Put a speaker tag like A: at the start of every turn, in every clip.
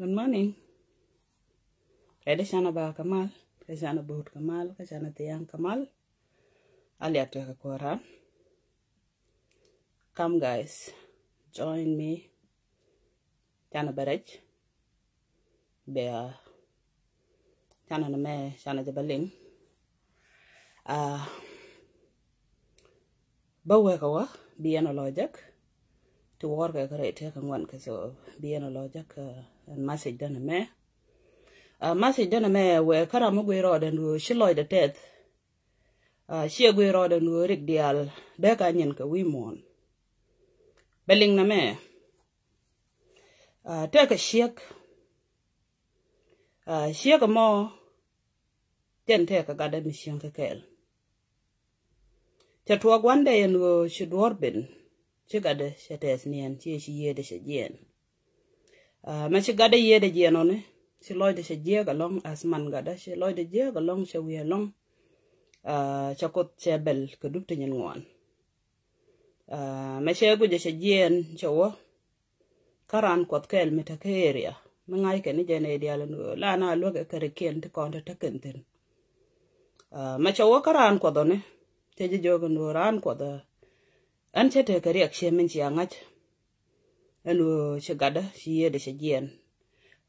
A: Good morning. Kaida shana ba kamal, kaida shana buhut kamal, kaida shana tiyang kamal. Ali atu ka ya kora. Come guys, join me. Tana baraj. Bea. Tana na me, shana jabaling. Ah. Bawa ya wa biyan lojak. Tu warga kare te kangwan kaso biyan lojak. Uh, masaj dana me masaj dana me we kara mu uh, gwe roda nu shiloy da tet shia gwe roda nu rik dial da ka nyen ka wi mon beling na me uh, te ka shiek uh, shiek mo ten te ka gada mi shiang ka kel cha tuwa gwande yen go shi duorbin shi gada shi tes nian shi shi yede shi jien Ah, mà ci gada ye de je no ne ci loy de ci je ga long as man gada ci loy de je ga long ci we long a ah, cha kot che bel ko dup te nyen ngwan a ah, ma ci gu de ci jen ci wo karan kot kel mi ta keria ma ngai ke ni je ne dia lo la na lo ga kare ken te kon ta ken ten a ma ci wo karan ko do ne te je jogo no ran ko da an ce te kare ak she min ci angach enu shagada shiye de shajien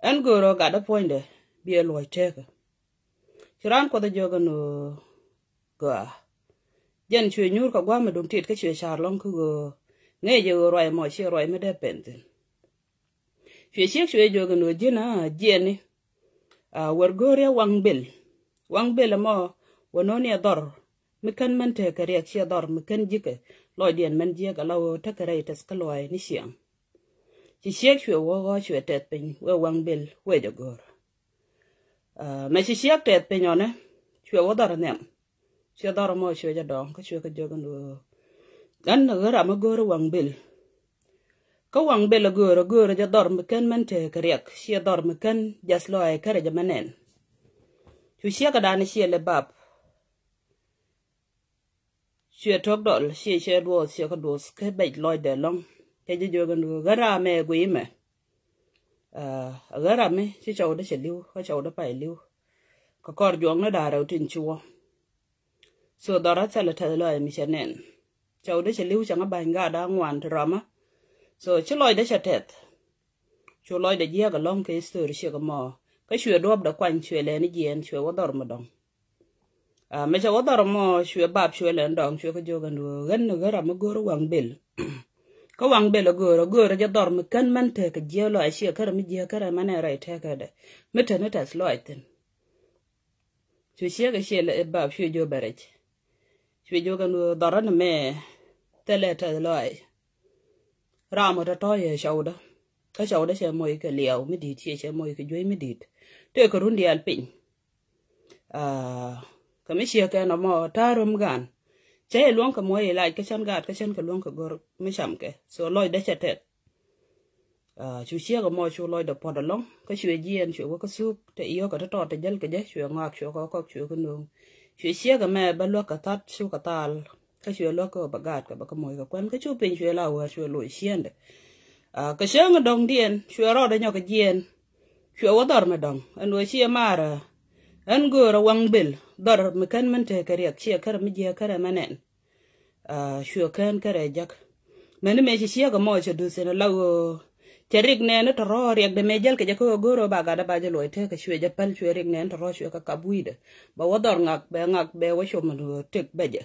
A: en goro gada poinde bie loy teke chiran ko da joga no ga jen chwe nyur ka gwame dong tit ka chwe char long ku go nge je go roy mo che roy me de penten chwe che chwe joga no jina jeni a war gore wang bel wang bel mo wononi ador mikan man te kare che ador mikan jike loy dien man je ga lawo takare tas ka loy ni siang chỉ chuyện ti siek chwe wogo chwe tet piny we wang bil we jogor ah, me si siek tet piny one chwe wo dor nem chwe dor mo chwe ja dong ka chwe ka jogan do gan cái gara ma gor wang bil ka wang bil e gor e gor ja dor me ken men te kriek sie dor me ken jas lo cái kare ja menen chu siek cái đàn sie là bab chuyện tok dol chuyện sie duo chuyện cái duo cái bait loại de long keji jogan du gara me guime eh, gara me chi chau da che liu ka chau da pai liu ka kor juang na daro tin chuo so dara chala ta lo e mi chenen chau da che liu changa bai nga da ngwan drama so chi loi đã cha tet chu loi để jia cái long cái ke stur shi ga mo ka shwe dob da kwan shwe le ni jien shwe wo dor mo dong a ah, me cha wo dor mo shwe bab shwe le ndong shwe ka jogan gần gan na gara ma gor wang bel ko wang belo goro goro ja dor kan man te ka je lo ashe kar mi je kar man ra te ka da mita na tas lo itin chu she ga she le e ba chu jo barech chu jo ga no daran me tele te lo ai ra mo ta to ye shauda ka shauda she mo ke liao mi di che she mo ke jo mi di te ko run di al pin ah ka mi she ka no mo tarum gan cha e luong ka mo e lai ka chan gat ka chan ka luong ka gor me cham ke so loy da cha tet a ah, chu chia ga mo chu loy da pod long ka chu e jien chu ko ka sup te iyo ka to te jel ka je chu ngak chu ko ko chu ku nu chu chia ga me ba lo ka tat chu ka tal ka chu lo ko ba gat ka ba ka mo ka kwen ka chu pin chu la wa chu lo chien de a ah, ka sheng dong dien chu ro da nyo ka jien chu wa dor me dong an wo chia mara an go ra wang bil dar mikan min te kariak chia ah, kare mi jia kara manen a shua kan kara jak mani me chi chia ga mo cha du sen la go cherig ne na toro riak de mejel ke ko goro ba ga da ba jelo te ka shwe pal shwe rig ne toro shwe ka kabuida ba wador ngak be ngak be washo mun tek je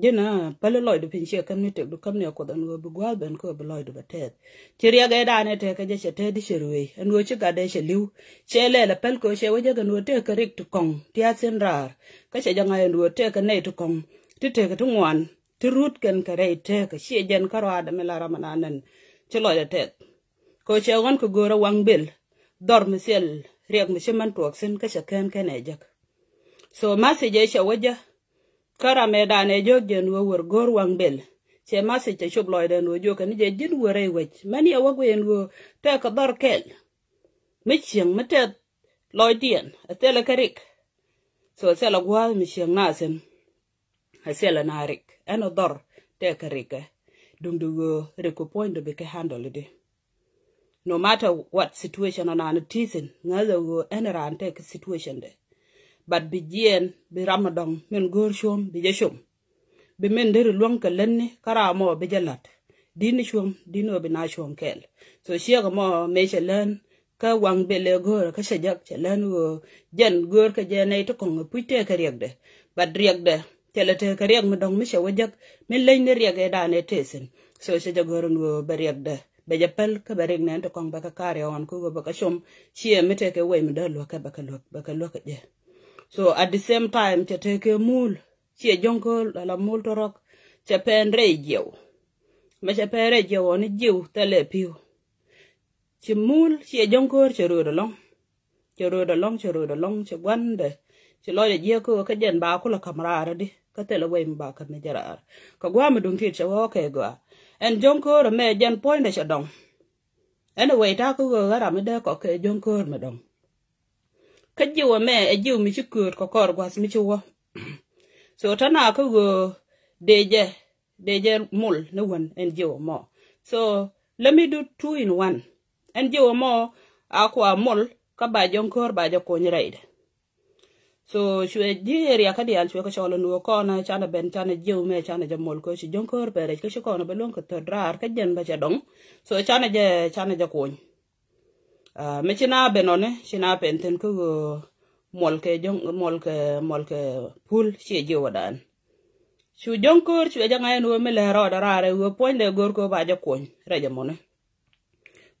A: jina pale loy du pinche community du kamne ko dan go bu gwal ben ko bu loy du batet chiriya ga da ne te ka je che te di shirwe an go che ga de che liu che le le pel ko che wo je ga no te ka rik tu kong ti a sen rar ka che janga en wo te ka ne tu kong ti te ka tu ngwan ti rut ken ka re te ka che jen ka ra da me la ra mana nan che loy te ko che gon ko go ra wang bel dor mi sel riek mi che man tuok sen ka che ken ken e jak so ma se je che wo je kara medane jok jen wo wor gor wang bel che masi che chub loy den wo jok ni je jin wore wech mani awa gwen wo te ka dor kel mi chieng mi te loy dien atela karik so atela gwa mi chieng nasen atela narik ana dor te karika e. dung du wo reko point do be ke handle de no matter what situation on an tizen ngalo wo enerante ke situation de bat bi jien bi ramadong men gor shom bi je shom bi men der luang ka lenni kara mo bi jalat dini shom dino bi na shom kel so shia mo me che len ka wang be le gor ka shajak che len go jen gor ka je nei to kong pu te ka riek de bat riek de tele te ka riek dong mi she wajak men lein ne riek e da ne tesen so she jagor no be riek de be japel ka be riek ne to kong ba ka kare on ku go ba ka shom shia mi te ke we mi da lo ka ba ka lo ba ka lo ka je so at the same time cha teke mul chia jonko la mul torok cha pen re jew ma cha pen re jew ni jew tele piu chi mul chia jonko cha ro long cha ro do long cha ro do long cha gwande cha lo je ko ka jen ba ko la kamara di ka tele we mba ka me jarar ka gwa ma dun tit cha wo ke gwa en jonko ro me jen point cha dong anyway we ta ko ga ra me de ko ke jonko me dong kajiwa me ejiw mi chukur ko kor gwas mi chuwa so tana ka go deje deje mul na wan en jiwa mo so let me do two in one en jiwa mo akwa mul ka ba jon kor ba jo kon raid so shwe dier ya kadi al shwe ka sholo nuo kona chana ben chana jiw me chana jo mul ko shi jon kor bere ka shi kona belon ka todrar ka jen ba jadong so chana je chana jo kon Ờ, bên bên uh, me china benone china penten ko molke jong molke molke pul che je wadan chu jonkor chu ja ngayen wo mele ro darare wo poinde gor ko ba ja kon re ja mone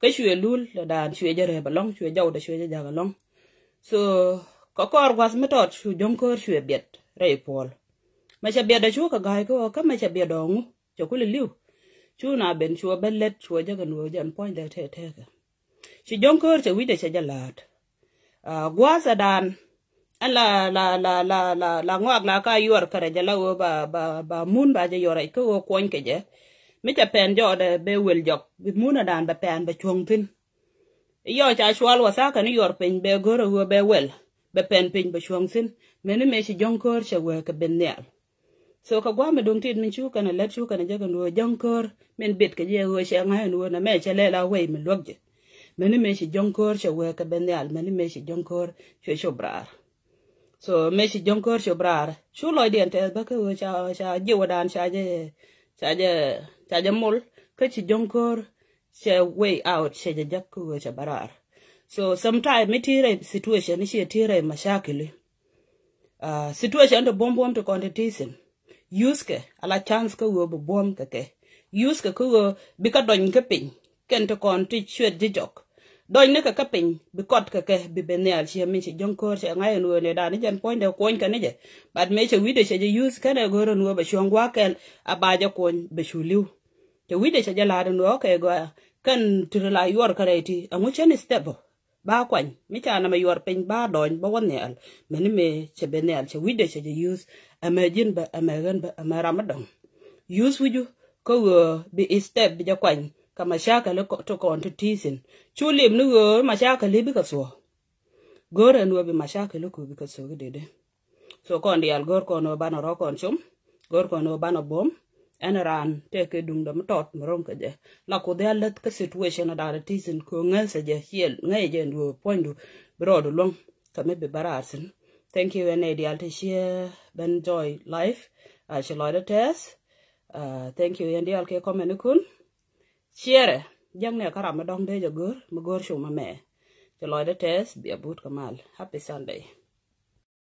A: ke chu elul da dan chu ja re balong chu ja da chu ja ja balong so ko kor was metot chu jonkor chu biet re pol ma cha biet da chu ka gai ko ka ma cha biet dong chu ku liu chu na ben chu belet chu ja gan wo point để te te ka chị ci jonker ci wide ci jalat gwasa dan là là là là la la ngwag la ka yor kare jala wo ba ba ba mun ba je yore ko wo kon cái gì, mi ta pen jo de be wel jok bi muna dan ba pen ba chong tin yo cha shwal wa sa ka ni yor pen be goro wo be wel be pen pen ba chong tin mình meni chị ci jonker ci wo cái bên này, so ka gwa me dong tin min chú cái let chu kana jagan wo jonker mình biết cái gì wo she ngai wo na me che lấy là we mình luộc chứ. mene meshi jonkor che weke bende al mene meshi jonkor che shobrar. So meshi jonkor shobrar. Shu loy dien te bake wo cha cha je wadan cha je cha je cha je mul. Ke chi jonkor che way out che je jak wo cha barar. So sometimes me tire situation ishi tire mashakili. Ah, situation to bom bom to kondetisim. Yuske ala chance ke wo bu bom keke. Yuske ke wo bika donyke pin. Kento kon tichwe jijok. doy ne cái ka piny bi kot cái ke bi be ne al che min che jong kor che ngai nu ne da ni jan point de coin cái này chứ, bad mấy che video sẽ je use cái này gọi là nuôi ba shong wa kel a ba je kon be shu liu te wide che je la ro no ke go kan tur la yor ka re ti a mu chen step ba kwan mi anh na yêu yor pin ba don ba won ne al me ni me che be ne al che wide che je use a me jin ba use video ko go uh, bi step bị je coin ka mashakali to kontu tisin chulim ni go mashakali bi kaso gore no bi mashakali ko bi kaso gidede so kon dial gor kon no bano ro kon chum gor kon no bano bom en ran te ke dung dam tot mrom ke je la ko de let ka situation da da tisin ko ngal se je hiel ngai je ndu pondu brodo long ka me bi bararsin thank you and ideal to share ben joy life i uh, shall order test uh, thank you and ideal ke komen kun Chere, jang ne kara madong de jagor, magor show mame. Jaloy de test, be a boot kamal. Happy Sunday.